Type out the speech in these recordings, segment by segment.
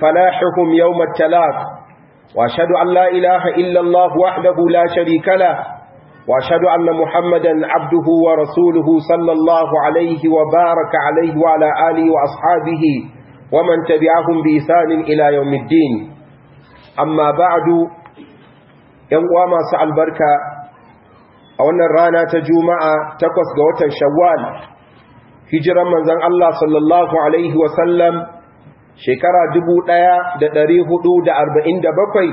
فلاحهم يوم التلاق وأشهد أن لا إله إلا الله وحده لا شريك له وأشهد أن محمدا عبده ورسوله صلى الله عليه وبارك عليه وعلى آله وأصحابه ومن تبعهم بإثان إلى يوم الدين أما بعد ينقوى ما سأل بركة أولا رانا تجومع تقوى سقوة شوال hijiran manzan Allah sallallahu Alaihi wasallam shekara dubu ɗaya da ɗari hudu da arba'in da bakwai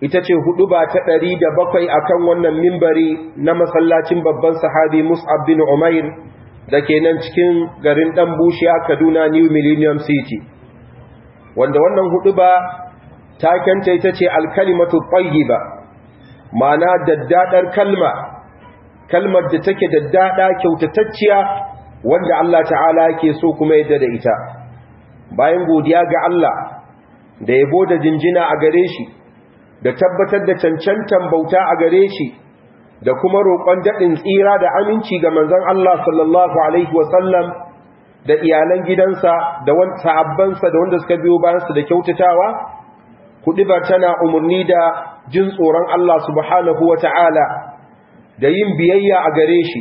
ita ce hudu ba ta ɗari da bakwai a kan wannan mimbari na masallacin babban sahabi mus'ab bin umair da ke nan cikin garin ɗan bushiya kaduna new millennium city wanda wannan hudu ba ta kyanta ita ce alkalimatu ƙwayi ba ma'ana daddaɗar kalma kalmar da take daddaɗa kyautatacciya wanda Allah ta'ala ke so kuma yadda da ita bayan godiya ga Allah da yabo da jinjina a gare shi da tabbatar da cancantan bauta a gare shi da kuma roƙon daɗin tsira da aminci ga manzon Allah sallallahu alaihi wasallam da iyalan gidansa da wanda abbansa da wanda suka biyo bayansa da kyautatawa ba tana umurni da jin tsoron Allah subhanahu wata'ala da yin biyayya a gare shi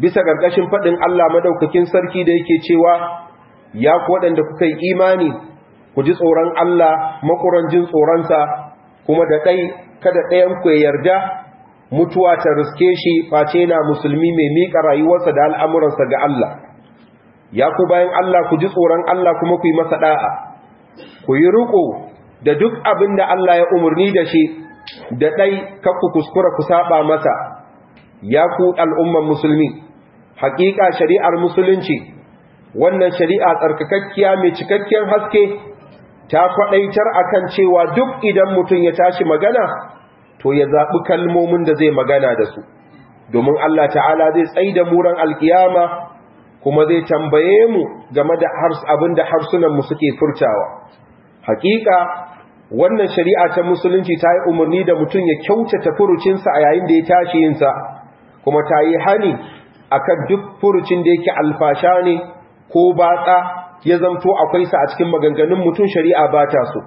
bisa ƙarƙashin faɗin Allah madaukakin sarki da yake cewa ya ku waɗanda kuka yi imani ku ji tsoron Allah jin tsoronsa kuma da ɗai kada ɗayan ku yarda mutuwa ta riske shi face na musulmi mai miƙa rayuwarsa da al'amuransa ga Allah ya ku bayan Allah ku ji tsoron Allah kuma ku yi masa ɗa'a ku yi riƙo da duk abin da Allah ya umarni da shi da ɗai ku kuskura ku saba masa ya ku al'umman musulmi haƙiƙa shari'ar musulunci wannan shari'a tsarkakakkiya mai cikakken haske ta kwadaitar akan cewa duk idan mutum ya tashi magana to ya zaɓi kalmomin da zai magana da su domin Allah ta'ala zai tsai da muran alkiyama kuma zai tambaye mu game da abin da mu suke furtawa hakika wannan shari'a ta musulunci ta yi umarni da mutum ya kyautata furucinsa a yayin da ya tashi yinsa kuma ta yi hani akan duk furucin da yake alfasha ne ko batsa ya zamto akwai sa a cikin maganganun mutum shari'a ba ta so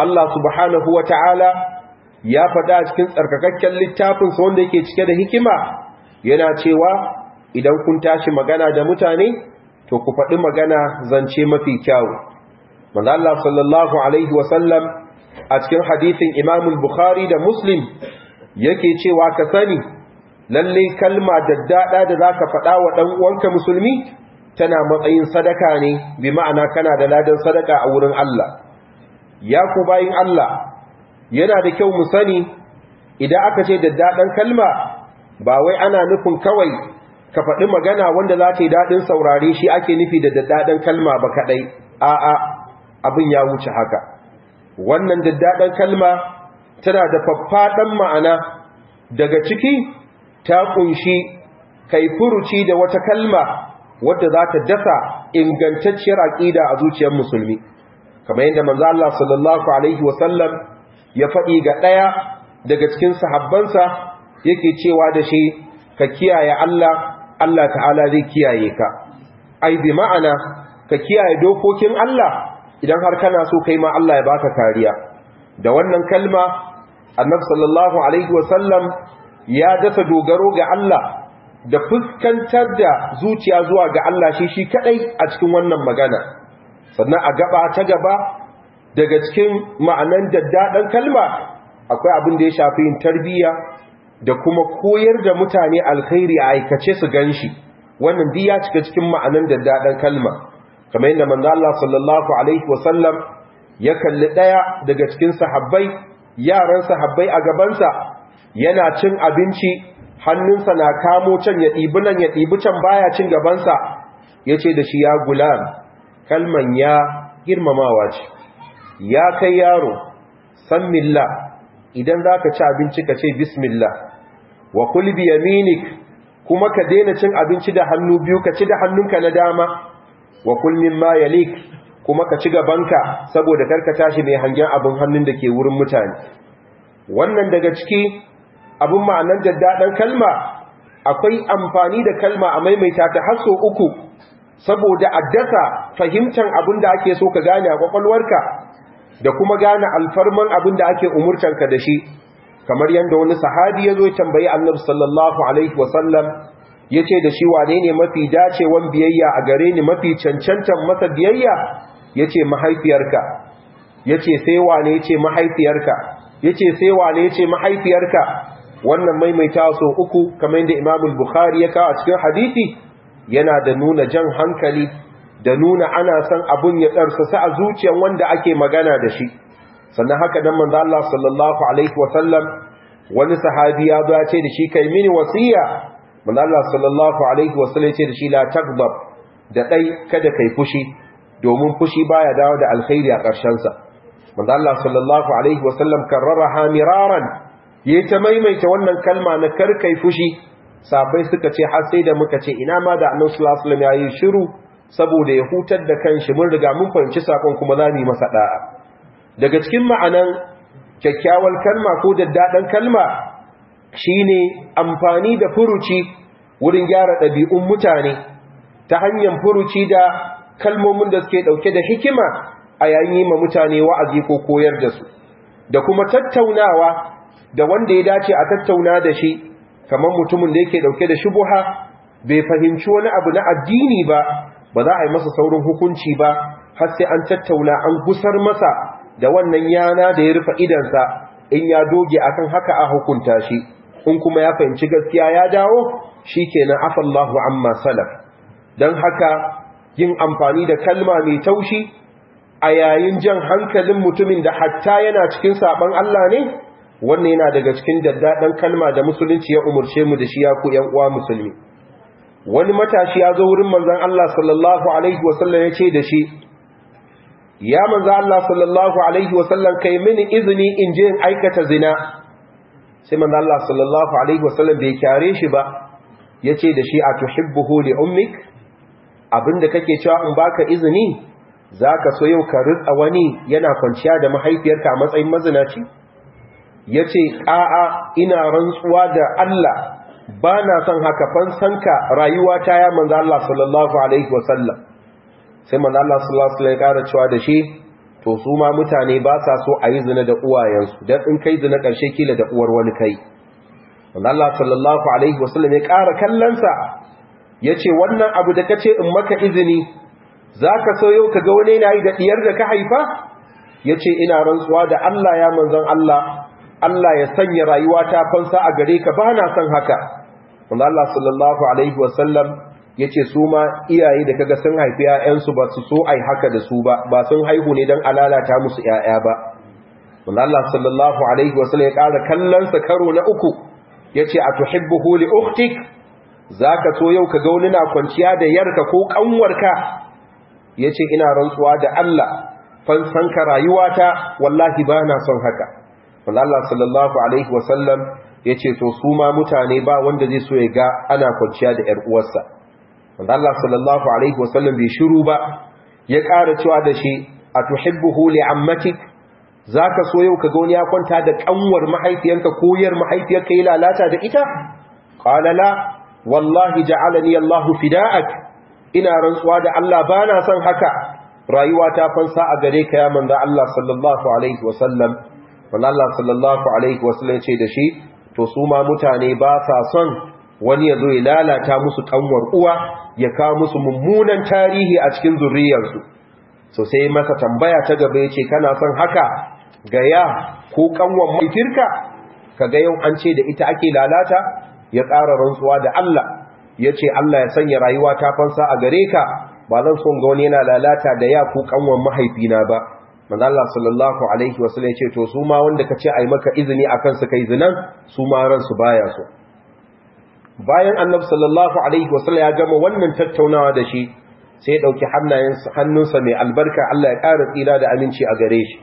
Allah subhanahu Ta'ala ya faɗa a cikin tsarkakakken littafinsa wanda yake cike da hikima yana cewa idan kun tashi magana da mutane to ku faɗi magana zance mafi kyawu manzo Allah sallallahu alaihi Wasallam a cikin hadithin imamul bukhari da Muslim yake cewa ka sani lallai kalma da daɗa da za ka faɗa wa ɗan'uwanka uwanka musulmi tana matsayin sadaka ne bi ma'ana kana da ladan sadaka a wurin Allah ya ku bayin Allah yana da kyau mu sani idan aka ce da dadan kalma ba wai ana nufin kawai ka faɗi magana wanda za ta yi daɗin saurare shi ake nufi da daddaɗan kalma ba kaɗai a'a abin ya wuce haka wannan daddaɗan kalma tana da faffaɗan ma'ana daga ciki ta ƙunshi kai furuci da wata kalma wadda za ta dasa ingantacciyar aƙida a zuciyar musulmi kamar yadda manzo Allah sallallahu alaihi wasallam ya faɗi ga ɗaya daga cikin sahabbansa yake cewa da shi ka kiyaye Allah Allah ta'ala zai kiyaye ka ai bi ma'ana ka kiyaye dokokin Allah idan har kana so kai ma Allah ya baka kariya da wannan kalma annabi sallallahu alaihi wasallam ya dasa dogaro ga Allah da fuskantar da zuciya zuwa ga Allah shi shi kadai a cikin wannan magana sannan a gaba ta gaba daga cikin ma'anan daddaɗan kalma akwai abin da ya shafi yin tarbiyya da kuma koyar da mutane alkhairi a aikace su ganshi wannan duk ya cika cikin ma'anan daddaɗan kalma kamar yadda manzo Allah sallallahu alaihi wasallam ya kalli daya daga cikin sahabbai yaran sahabbai a gabansa yana cin abinci hannunsa na kamo can ya ɗibi nan ya ɗibi can baya cin gabansa ya ce da shi ya gulam kalman ya girmamawa ce ya kai yaro san milla idan za ka ci abinci ka ce bismillah wa kulbi yaminik kuma ka daina cin abinci da hannu biyu ka ci da hannunka na dama wa kulmin ma lik kuma ka ci gabanka saboda karkata tashi mai hangen abin hannun da ke wurin mutane wannan daga ciki abin ma'anar daddaɗan kalma akwai amfani da kalma a maimaita ta har so uku saboda addasa fahimtar abin da ake so ka gane a kwakwalwarka da kuma gane alfarman abin da ake umurtanka da shi kamar yadda wani sahabi ya zo tambayi annabi sallallahu alaihi wasallam ya ce da shi wane ne mafi dacewan biyayya a gare ni mafi cancantan masa biyayya ya ce mahaifiyarka ya ce sai wane ya ce mahaifiyarka ya ce sai wane ya ce mahaifiyarka wannan maimaita sau uku kamar yadda Imam Bukhari ya kawo a cikin hadithi, yana da nuna jan hankali da nuna ana son abun ya tsarsasa a zuciyar wanda ake magana da shi sannan haka dan manzo Allah sallallahu alaihi wa sallam wani sahabi ya zo ya ce da shi kai mini wasiya manzo Allah sallallahu alaihi wa sallam ya ce da shi la Takbar, da dai kada kai fushi domin fushi baya dawo da alkhairi a ƙarshen sa manzo Allah sallallahu alaihi wa sallam karrara hamiraran yayi ta maimaita wannan kalma na karkai fushi sabai suka ce har sai da muka ce ina ma da annan sallallahu ya yi shiru saboda ya hutar da kan shi mun riga mun fahimci sakon kuma za mu yi masa da'a daga cikin ma'anan kyakkyawar kalma ko daddadan kalma shine amfani da furuci wurin gyara ɗabi'un mutane ta hanyar furuci da kalmomin da suke ɗauke da hikima a yayin yi ma mutane wa'azi ko koyar da su da kuma tattaunawa da wanda ya dace a tattauna da shi kamar mutumin da yake dauke da shubuha bai fahimci wani abu na addini ba ba za a yi masa saurin hukunci ba har sai an tattauna an gusar masa da wannan yana da ya rufe idansa in ya doge akan haka a hukunta shi in kuma ya fahimci gaskiya ya dawo shikenan afallahu amma salaf dan haka yin amfani da kalma mai taushi a yayin jan hankalin mutumin da hatta yana cikin saban Allah ne wannan yana daga cikin daddaɗan kalma da musulunci ya umarce mu da shi ya ku ‘yan uwa musulmi wani matashi ya zo wurin manzan Allah sallallahu alaihi wasallam ya ce da shi ya manzan Allah sallallahu alaihi wasallam kai mini izini in je in aikata zina sai manzan Allah sallallahu alaihi wasallam bai kyare shi ba ya ce da shi a tuhibbuhu li ummik abinda kake cewa in baka izini zaka so yau ka ritsa wani yana kwanciya da mahaifiyarka a matsayin mazinaci ya ce a'a ina rantsuwa da Allah ba na son haka fansanka rayuwa ta ya manzo Allah sallallahu alaihi wasallam sai manzo Allah sallallahu alaihi wasallam ya kara cewa da shi to su ma mutane ba sa so a yi zina da uwayensu don in kai zina ƙarshe kila da uwar wani kai Allah sallallahu alaihi wasallam ya ƙara kallonsa ya ce wannan abu da ka ce in maka izini za ka so yau ka ga wani yana yi da ɗiyar da ka haifa ya ce ina rantsuwa da Allah ya manzan Allah Allah ya sanya rayuwa ta fansa a gare ka ba na son haka wanda Allah sallallahu alaihi wasallam ya ce su ma iyaye da kaga sun haifi ‘ya'yansu ba su so ai haka da su ba ba sun haihu ne don alalata musu ‘ya'ya ba wanda Allah sallallahu alaihi wasallam ya ƙara kallonsa karo na uku ya ce a tuhibbu huli uktik za ka so yau ka ga wani na kwanciya da yarka ko ƙanwarka ya ce ina rantsuwa da Allah fansanka rayuwata wallahi ba na son haka Allah sallallahu alaihi wasallam ya ce to su ma mutane ba wanda zai so ya ga ana kwanciya da ‘yar uwarsa Allah sallallahu alaihi wasallam bai shiru ba ya ƙara cewa da shi a tuhibbu li ammatik za ka so yau ka ga wani ya kwanta da ƙanwar mahaifiyanka koyar mahaifiyarka yi lalata da ita ƙalala wallahi ja'alani Allahu fida'ak ina rantsuwa da Allah ba na son haka rayuwa ta fansa a gare ka ya manda Allah sallallahu alaihi wasallam wanda Allah sallallahu alaihi wasallam ce da shi to su ma mutane ba sa son wani ya zo ya lalata musu kanwar uwa ya kawo musu mummunan tarihi a cikin zuriyarsu so sai masa tambaya ta gaba ya ce kana son haka gaya ko kanwar Ka ga yau an ce da ita ake lalata ya ƙara rantsuwa da Allah ya ce Allah ya sanya rayuwa ta fansa a gare ka ba zan son ga wani yana lalata da ya ko kanwar mahaifina ba manzo Allah sallallahu alaihi wasallam ya ce to su ma wanda kace ai maka izini akan su kai zinan su ma baya so bayan annabi sallallahu alaihi wasallam ya gama wannan tattaunawa da shi sai ya dauki hannunsa mai albarka Allah ya ƙara tsira da aminci a gare shi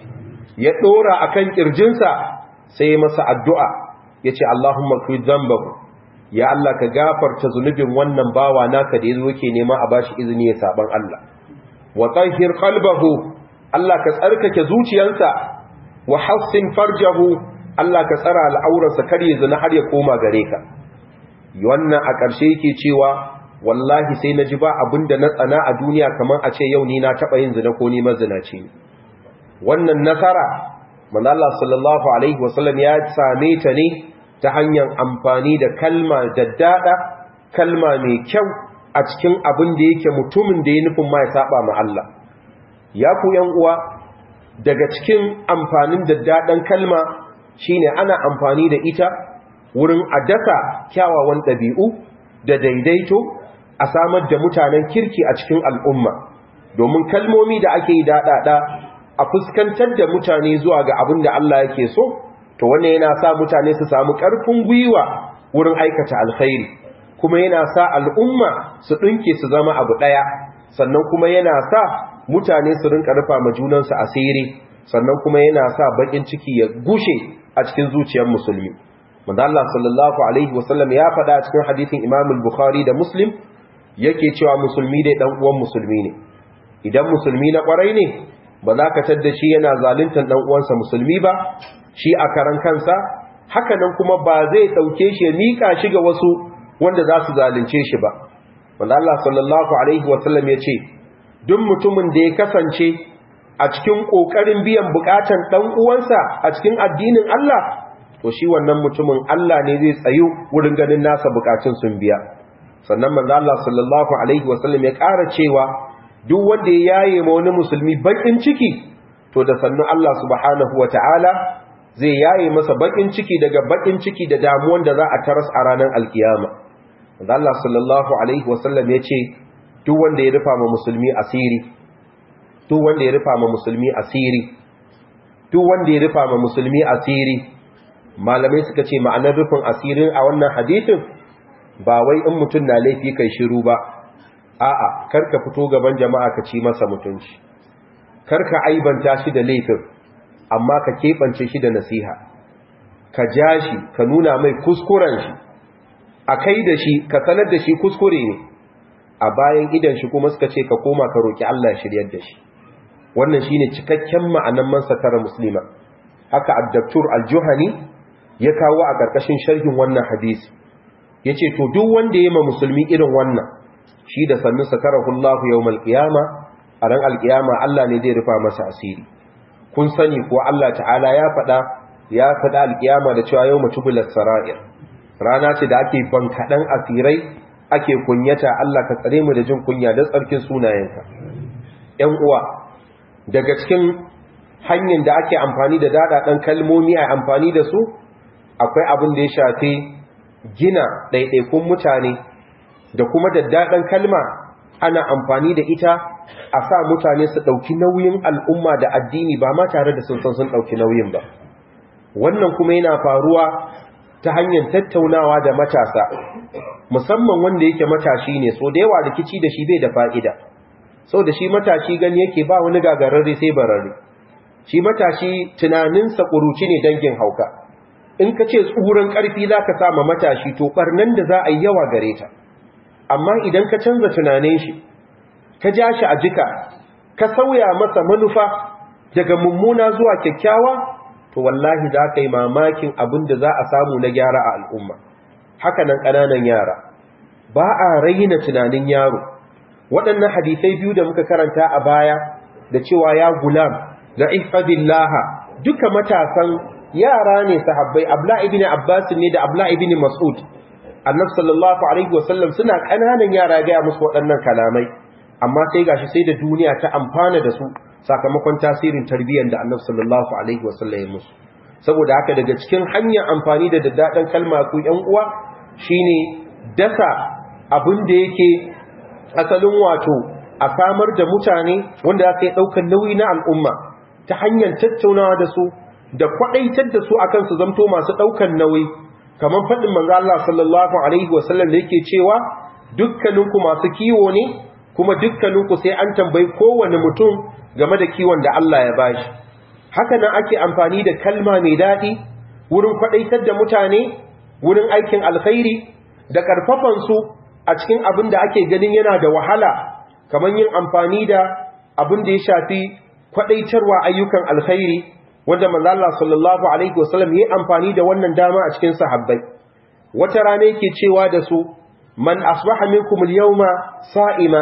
ya dora akan kirjinsa sai masa addu'a yace Allahumma kri dhanbahu ya Allah ka gafarta zunubin wannan bawa naka da yazo yake nema a bashi izini ya saban Allah wa tahhir qalbahu Allah ka tsarkake zuciyarsa wa hassin farjahu Allah ka tsara al'aurarsa kar ya zina har ya koma gare ka wannan a ƙarshe yake cewa wallahi sai na ji ba abin da na tsana a duniya kamar a ce yau ni na taɓa yin zina ko neman zina ce wannan nasara manzala sallallahu alaihi wasallam ya same ta ne ta hanyar amfani da kalma daddada kalma mai kyau a cikin abin da yake mutumin da ya nufin ma ya saba ma Allah ya ku yan uwa daga cikin amfanin daddaɗan kalma shine ana amfani da ita wurin a daka kyawawan ɗabi'u da daidaito a samar da mutanen kirki a cikin al'umma domin kalmomi da ake yi daɗaɗa a fuskantar da mutane zuwa ga abin da Allah yake so to wannan yana sa mutane su samu ƙarfin gwiwa wurin aikata alkhairi kuma yana sa al'umma su ɗinke su zama abu ɗaya sannan kuma yana sa mutane su rinka rufa ma junansu asiri sannan kuma yana sa bakin ciki ya gushe a cikin zuciyar musulmi manzo Allah sallallahu alaihi wasallam ya faɗa cikin hadisin Imam al-Bukhari da Muslim yake cewa musulmi dai dan uwan musulmi ne idan musulmi na kwarai ne ba za ka tadda shi yana zaluntar dan uwansa musulmi ba shi a karan kansa haka nan kuma ba zai dauke shi ya mika shi ga wasu wanda za su zalunce shi ba wanda Allah sallallahu alaihi wasallam ya ce duk mutumin da ya kasance a cikin ƙoƙarin biyan buƙatan ɗan uwansa a cikin addinin Allah to shi wannan mutumin Allah ne zai tsayu wurin ganin nasa buƙatun sun biya sannan manzo Allah sallallahu alaihi wasallam ya ƙara cewa duk wanda ya yaye ma wani musulmi bakin ciki to da sannu Allah subhanahu wataala zai yaye masa baƙin ciki daga baƙin ciki da damuwan da za a taras a ranar alkiyama manzo Allah sallallahu alaihi wasallam ya ce duk wanda ya rufa ma musulmi asiri duk wanda ya rufa ma musulmi asiri duk wanda ya rufa ma musulmi asiri malamai suka ce ma'anar rufin asirin a wannan hadisin ba wai in mutum na laifi kai shiru ba a'a kar ka fito gaban jama'a ka ci masa mutunci Kar ka aibanta shi da laifin amma ka keɓance shi da nasiha ka ja shi ka nuna mai kuskuren shi a kai da shi ka sanar da shi kuskure ne a bayan idan shi kuma suka ce ka koma ka roki Allah shiryar da shi wannan shine cikakken ma'anar man satara muslima haka addaktur daktur al-juhani ya kawo a karkashin sharhin wannan hadisi yace to duk wanda yayi ma musulmi irin wannan shi da sannu satarahu Allah yawmal qiyama a ran al Allah ne zai rufa masa asiri kun sani ko Allah ta'ala ya faɗa ya faɗa al-qiyama da cewa yawma tubul sara'ir rana ce da ake ban kaɗan asirai ake kunyata Allah ka tsare mu da jin kunya da tsarkin sunayenka ƴan uwa daga cikin hanyar da ake amfani da dadadan kalmomi a amfani da su akwai abin da ya shafi gina ɗaiɗaikun mutane da kuma daddaɗan kalma ana amfani da ita a sa mutane su ɗauki nauyin al'umma da addini ba ma tare da sun san sun ɗauki nauyin ba wannan kuma yana faruwa ta hanyar tattaunawa da matasa musamman wanda yake matashi ne so da yawa rikici da shi bai da fa'ida so da shi matashi gani yake ba wani gagararre sai bararre shi matashi tunaninsa ƙuruci ne dangin hauka in ka ce tsuran ƙarfi za ka sama matashi to ɓarnan da za a yi yawa gare ta amma idan ka canza tunanin shi ka ja shi a jika ka sauya masa manufa daga mummuna zuwa kyakkyawa to wallahi za ka yi mamakin abin da za a samu na gyara a al'umma hakanan ƙananan yara ba a raina tunanin yaro waɗannan hadisai biyu da muka karanta a baya da cewa ya gulam da laha. duka matasan yara ne sahabbai abla ibini abbas ne da abla ibini mas'ud annab sallallahu alaihi wasallam suna ƙananan yara gaya musu waɗannan kalamai amma sai gashi sai da duniya ta amfana da su sakamakon tasirin tarbiyyar da annabi sallallahu alaihi wasallam ya musu saboda haka daga cikin hanyar amfani da daddadan kalma ku yan uwa shine dasa abin da yake asalin wato a samar da mutane wanda aka yi daukar nauyi na al'umma ta hanyar tattaunawa da su da kwadaitar da su akan su zamto masu daukar nauyi kamar fadin manzo Allah sallallahu alaihi wasallam da yake cewa dukkaninku masu kiwo ne kuma dukkaninku sai an tambayi kowane mutum game da kiwon da Allah ya bashi haka nan ake amfani da kalma mai daɗi wurin kwaɗaitar da mutane wurin aikin alkhairi da su a cikin abin da ake ganin yana da wahala kamar yin amfani da abin da ya shafi kwaɗaitarwa ayyukan alkhairi wanda manzala sallallahu alaihi wasallam ya amfani da wannan dama a cikin sahabbai wata rana yake cewa da su man asbaha minkum al-yawma sa'ima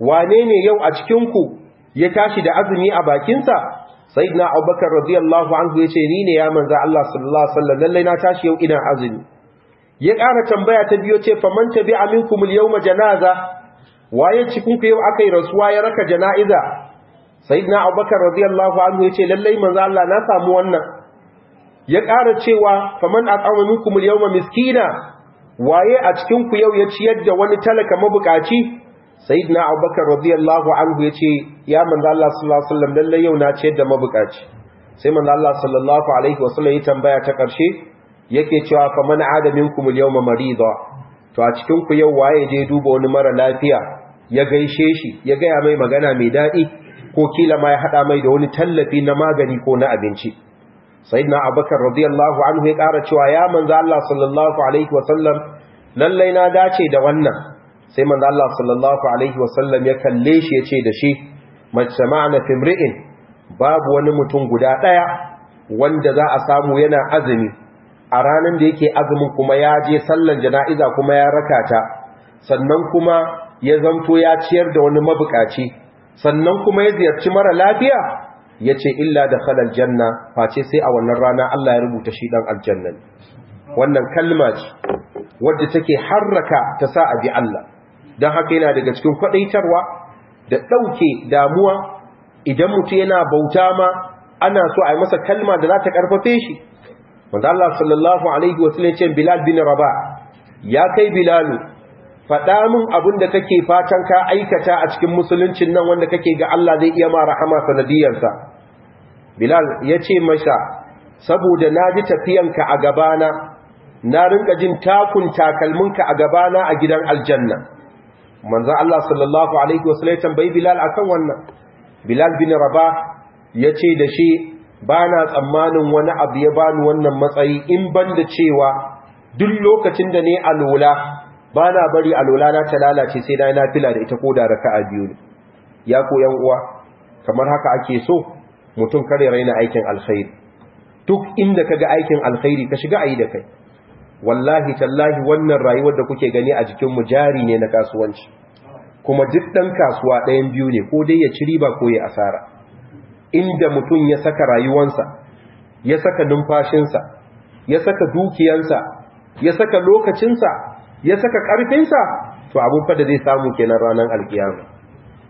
wane ne yau a cikin ku ya tashi da azumi a bakinsa na abubakar radiyallahu anhu ya ce ni ne ya manza Allah sallallahu sallallahu lallai na tashi yau ina azumi ya ƙara tambaya ta biyo ce faman bi aminku al ma janaza waye cikin ku yau yi rasuwa ya raka janaiza na abubakar radiyallahu anhu ya ce lallai manza Allah na samu wannan ya ƙara cewa faman at'ama minkum al ma miskina waye a cikin ku yau ya ciyar da wani talaka mabukaci sayyidina abubakar radiyallahu anhu ya ce ya manzo Allah sallallahu alaihi wasallam lalle yau na ce da mabukaci sai manzo Allah sallallahu alaihi wasallam ya tambaya ta karshe yake cewa fa man adaminkum minkum al-yawma marida to a cikin ku yau waye je duba wani mara lafiya ya gaishe shi ya gaya mai magana mai dadi ko kila ma ya hada mai da wani tallafi na magani ko na abinci sayyidina abubakar radiyallahu anhu ya kara cewa ya manzo Allah sallallahu alaihi wasallam lalle na dace da wannan sai manzo Allah sallallahu alaihi wasallam ya kalle shi ya ce da shi majtama'na fimri'in babu wani mutum guda daya wanda za a samu yana azumi a ranar da yake azumin kuma ya je sallan jana'iza kuma ya rakata sannan kuma ya zanto ya ciyar da wani mabukaci sannan kuma ya ziyarci mara lafiya yace illa da khalal janna face sai a wannan rana Allah ya rubuta shi dan aljanna wannan kalma ce wadda take harraka ta sa abi Allah don haka yana daga cikin kwadaitarwa da ɗauke damuwa idan mutu yana bauta ma ana so a yi masa kalma da za ta ƙarfafe shi wanda Allah sallallahu alaihi wasallam ce Bilal bin Rabah ya kai Bilalu faɗa min abin da kake fatan ka aikata a cikin musuluncin nan wanda kake ga Allah zai iya ma rahama sanadiyarsa Bilal ya ce masa saboda na ji tafiyanka a gabana na rinka jin takun takalminka a gabana a gidan aljanna manzon Allah sallallahu alaihi ya tambayi Bilal akan wannan Bilal bin Rabah yace da shi bana tsammanin wani abu ya bani wannan matsayi in banda cewa duk lokacin da ne alola bana bari alola na ta lalace sai na fila da ita ko da a biyu ne ya ko yan uwa kamar haka ake so mutum kare raina aikin alkhairi duk inda ka ga aikin alkhairi ka shiga a yi da kai wallahi tallahi wannan rayuwar da kuke gani a jikin mu jari ne na kasuwanci kuma duk dan kasuwa ɗayan biyu ne ko dai ya ci riba ko ya asara inda mutum ya saka rayuwansa ya saka numfashinsa ya saka dukiyansa ya saka lokacinsa ya saka ƙarfinsa to abun fa da zai samu kenan ranar alkiyama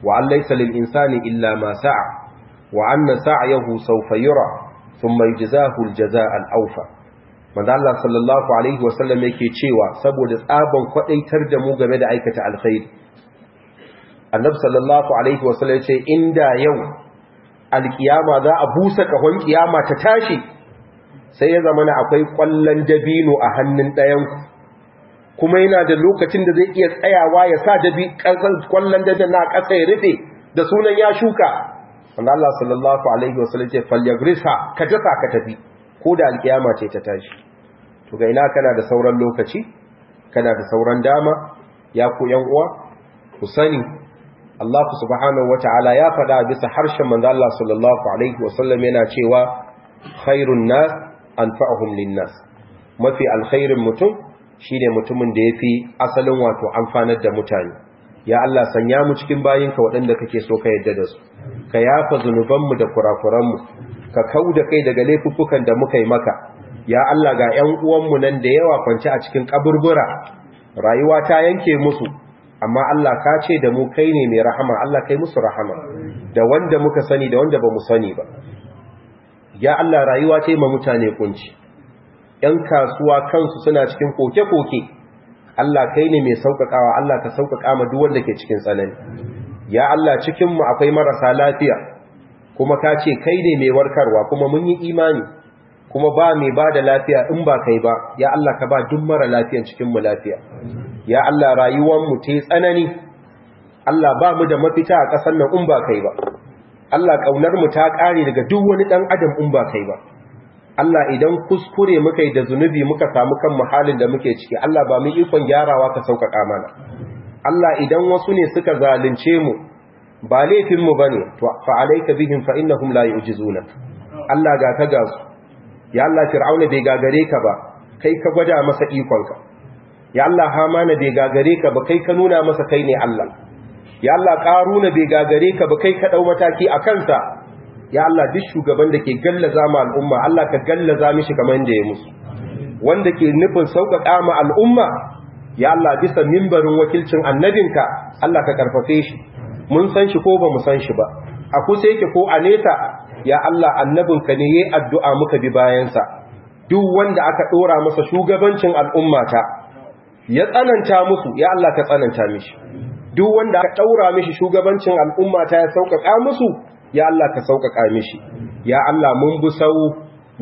wa an lil insani illa ma sa'a wa anna sa'yahu sawfa yura thumma yujzahu al jazaa al awfa manzo Allah sallallahu alaihi wasallam yake cewa saboda tsaban kwadaitar da mu game da aikata alkhairi annabi sallallahu alaihi wasallam yace inda yau alkiyama za a busa kahon kiyama ta tashi sai ya zama akwai kwallon dabino a hannun ɗayan kuma yana da lokacin da zai iya tsayawa ya sa dabi kwallon dabino na ƙasa ya rufe da sunan ya shuka manzo Allah sallallahu alaihi wasallam yace falyagrisa ka jasa ka tafi ko da alkiyama ce ta tashi to ga ina kana da sauran lokaci kana da sauran dama ya ku yan uwa ku sani Allah subhanahu wataala ya faɗa bisa harshen manzo Allah sallallahu alaihi wasallam yana cewa khairun nas anfa'uhum linnas mafi alkhairin mutum shine mutumin da yafi asalin wato amfanar da mutane ya Allah sanya mu cikin bayinka waɗanda kake so ka yadda da su ka yafa zanubanmu da kurakuranmu ka kauda da kai daga laifukan da muka yi maka ya Allah ga ƴan uwanmu nan da yawa kwance a cikin kaburbura rayuwa ta yanke musu amma Allah ka ce da mu kai ne mai rahama Allah kai musu rahama da wanda muka sani da wanda bamu sani ba ya Allah rayuwa ce ma mutane kunci ƴan kasuwa kansu suna cikin koke-koke Allah kai ne mai sauƙaƙawa Allah ka sauƙaƙa ma duk wanda ke cikin tsanani ya Allah cikin mu akwai marasa lafiya kuma ka ce kai ne mai warkarwa kuma mun yi imani kuma ba mai ba da lafiya in ba kai ba ya Allah ka ba duk mara lafiyan cikin mu lafiya ya Allah rayuwar mu yi tsanani Allah ba mu da mafita a ƙasar nan in ba kai ba Allah kaunar mu ta ƙare daga duk wani ɗan adam in ba kai ba Allah idan kuskure muka yi da zunubi muka samu kan muhalin da muke ciki Allah ba mu ikon gyarawa ka sauƙaƙa mana Allah idan wasu ne suka zalunce mu ba laifinmu ba ne, fa alayka bihim fa innahum la yu'jizuna Allah ga ka ga su ya Allah fir'auna bai gagare ka ba kai ka gwada masa ikonka ya Allah hamana bai gagare ka ba kai ka nuna masa kai ne Allah ya Allah karuna bai gagare ka ba kai ka ɗau mataki a kansa ya Allah duk shugaban da ke gallaza ma al'umma Allah ka gallaza mishi kamar da ya musu wanda ke nufin sauƙaƙa ma al'umma ya Allah bisa mimbarin wakilcin annabinka Allah ka ƙarfafe shi mun san shi ko ba mu san shi ba a kusa yake ko a neta ya Allah annabinka ne yayi addu'a muka bi bayansa duk wanda aka dora masa shugabancin al'ummata ya tsananta musu ya Allah ka tsananta mishi duk wanda aka daura mishi shugabancin al'ummata ya sauƙaƙa musu ya Allah ka sauƙaƙa mishi ya Allah mun bi sau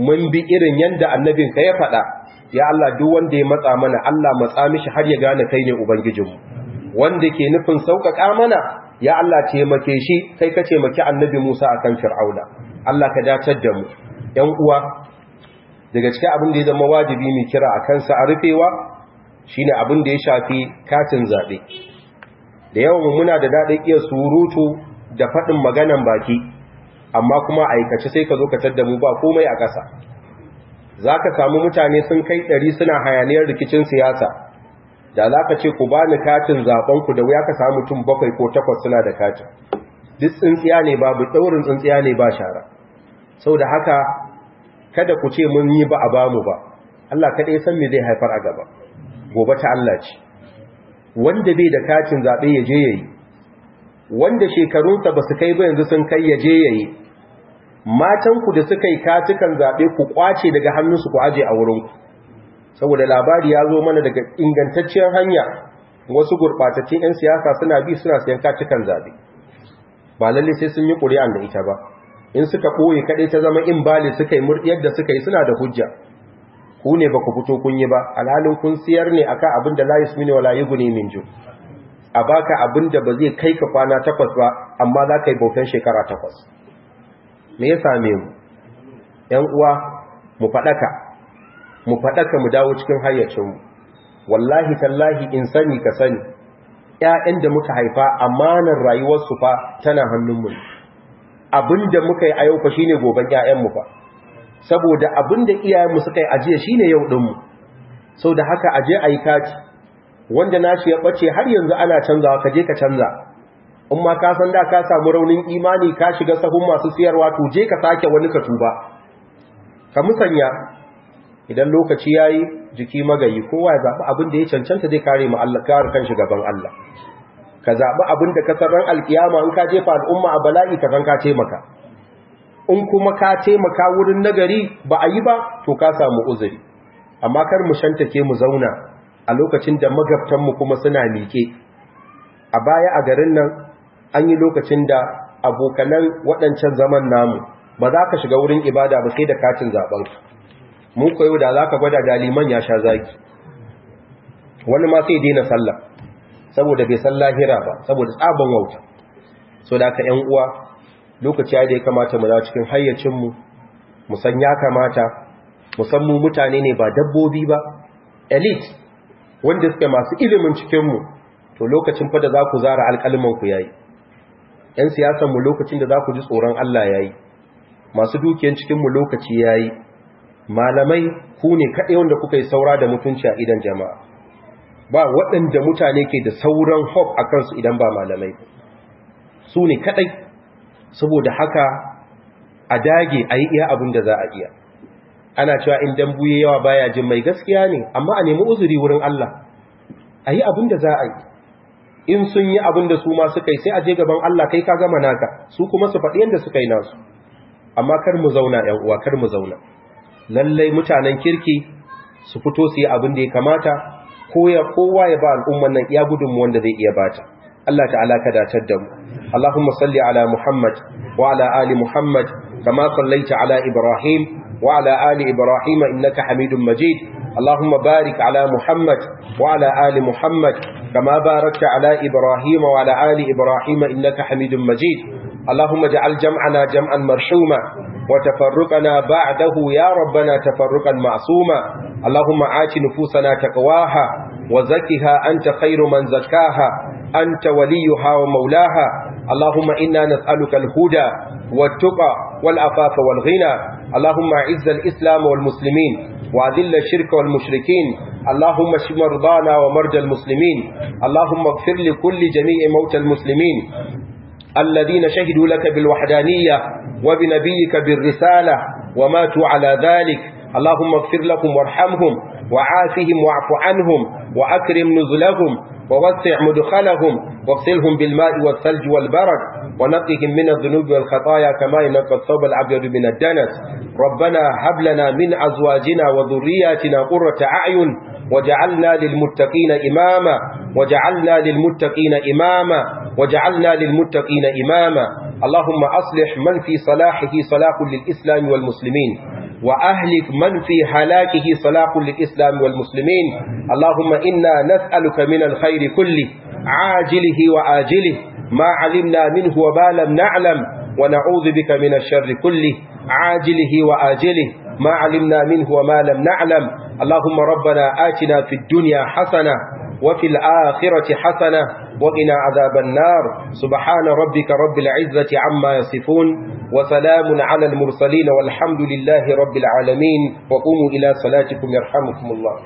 mun bi irin yanda annabinka ya faɗa ya Allah duk wanda ya matsa mana Allah matsa mishi har ya gane kai ne ubangijinmu wanda ke nufin sauƙaƙa mana ya Allah taimake shi kai ka taimaki annabi Musa akan Fir'auna Allah ka dacar da mu Yan uwa daga cikin abin da ya zama wajibi mai kira a kansa a rufewa ne abin da ya shafi katin zaɓe. da yawan muna da daɗin iya surutu da faɗin maganan baki amma kuma aikace sai ka zo ka tadda mu ba komai a ƙasa za ka samu mutane sun kai ɗari suna hayaniyar rikicin siyasa da za ka ce ku ba ni katin ku da wuya ka samu mutum bakwai ko takwas suna da katin duk tsintsiya ne ba babu ɗaurin tsintsiya ne ba shara sau da haka kada ku ce mun yi ba a bamu ba Allah kaɗai san me zai haifar a gaba gobe ta Allah ce wanda bai da katin zaɓe ya je ya yi wanda shekarunsa ba su kai ba yanzu sun kai ya je ya yi matanku da suka yi katukan zaɓe ku ƙwace daga hannunsu ku aje a wurinku saboda labari ya zo mana daga ingantacciyar hanya wasu gurbatattun 'yan siyasa suna bi suna siyan kacikan zabe ba lalle sai sun yi ƙuri'an da ita ba in suka ɓoye kaɗai ta zama in bali suka yi murɗiyar da suka yi suna da hujja ku ne ba ku fito kun yi ba alhalin kun siyar ne a akan abin da layis mini wala yi guni min ju a baka abin da ba zai kai ka kwana takwas ba amma za ka yi bautan shekara takwas me ya same mu ‘yan uwa mu faɗaka mu faɗaka mu dawo cikin hayyacinmu wallahi tallahi in sani ka sani ‘ya'yan da muka haifa amanar rayuwarsu fa tana hannunmu abin da muka yi a yau fa shi ne goben mu fa saboda abin da iyayenmu suka yi ajiya shi ne yau ɗinmu sau da haka aje a yi kati wanda na shi ya ɓace har yanzu ana canzawa ka je ka canza in ma ka san da ka samu raunin imani ka shiga sahun masu siyarwa to je ka sake wani ka tuba ka musanya idan lokaci ya yi jiki magayi kowa ya zaɓi abin da ya cancanta zai kare mu Allah kare kanshi gaban Allah ka zaɓi abin da ka sarran alkiyama in ka jefa al'umma a bala'i ka kan ka taimaka in kuma ka taimaka wurin nagari ba a yi ba to ka samu uzuri amma kar mu ke mu zauna a lokacin da magabtanmu kuma suna miƙe a baya a garin nan an yi lokacin da abokanan waɗancan zaman namu ba za ka shiga wurin ibada ba sai da katin ku. Mun koyo da za ka gwada da liman ya sha zaki wani ma sai daina sallah saboda bai san lahira ba saboda tsaban wauta so da ka yan uwa lokaci ya da ya kamata mu dawo cikin hayyacinmu mu san ya kamata mu san mu mutane ne ba dabbobi ba elite wanda suke masu ilimin cikinmu to lokacin fa da za ku zara alƙalmanku yayi ‘yan mu lokacin da za ku ji tsoron Allah yayi masu dukiyan cikinmu lokaci yayi malamai ku ne kaɗai wanda kuka yi saura da mutunci a idan jama'a ba waɗanda mutane ke da sauran hop a kansu idan ba malamai su ne kaɗai saboda haka a dage a yi iya abin da za a iya ana cewa in dambu ya yawa baya jin mai gaskiya ne amma a nemi uzuri wurin Allah a yi abin da za a yi in sun yi abin da su ma suka yi sai a je gaban Allah kai ka gama naka su kuma su faɗi yadda suka yi nasu amma kar mu zauna ‘yan uwa kar mu zauna lallai mutanen kirki su fito su yi abin da ya kamata kowa ya ba al'umman nan iya gudunmu wanda zai iya bata Allah ta'ala ka datar da mu Allahumma salli ala Muhammad wa ala ali Muhammad kama sallaita ala Ibrahim wa ala ali Ibrahim innaka Hamidum Majid Muhammad بارك على محمد وعلى آل محمد كما باركت Ibrahim إبراهيم وعلى آل إبراهيم إنك حميد مجيد اللهم اجعل جمعنا jam'an مرحوما وتفرقنا بعده يا ربنا تفرقا معصوما اللهم آت نفوسنا تقواها وزكها أنت خير من زكاها أنت وليها ومولاها اللهم إنا نسألك الهدى والتقى والعفاف والغنى اللهم أعز الإسلام والمسلمين وأذل الشرك والمشركين اللهم اشف مرضانا ومرجى المسلمين اللهم اغفر لكل جميع موتى المسلمين الذين شهدوا لك بالوحدانية وبنبيك بالرسالة وماتوا على ذلك اللهم اغفر لهم وارحمهم وعافهم واعف عنهم وأكرم نزلهم ووسع مدخلهم واغسلهم بالماء والثلج والبرد ونقهم من الذنوب والخطايا كما ينقى الثوب العبد من الدنس ربنا هب لنا من ازواجنا وذرياتنا قرة اعين وجعلنا للمتقين اماما وجعلنا للمتقين اماما وجعلنا للمتقين إماما اللهم أصلح من في صلاحه صلاح للإسلام والمسلمين وأهلك من في هلاكه صلاح للإسلام والمسلمين اللهم إنا نسألك من الخير كله عاجله وآجله ما علمنا منه وما لم نعلم ونعوذ بك من الشر كله عاجله وآجله ما علمنا منه وما لم نعلم اللهم ربنا آتنا في الدنيا حسنة وفي الآخرة حسنة وقنا عذاب النار سبحان ربك رب العزة عما يصفون وسلام على المرسلين والحمد لله رب العالمين وقوموا إلى صلاتكم يرحمكم الله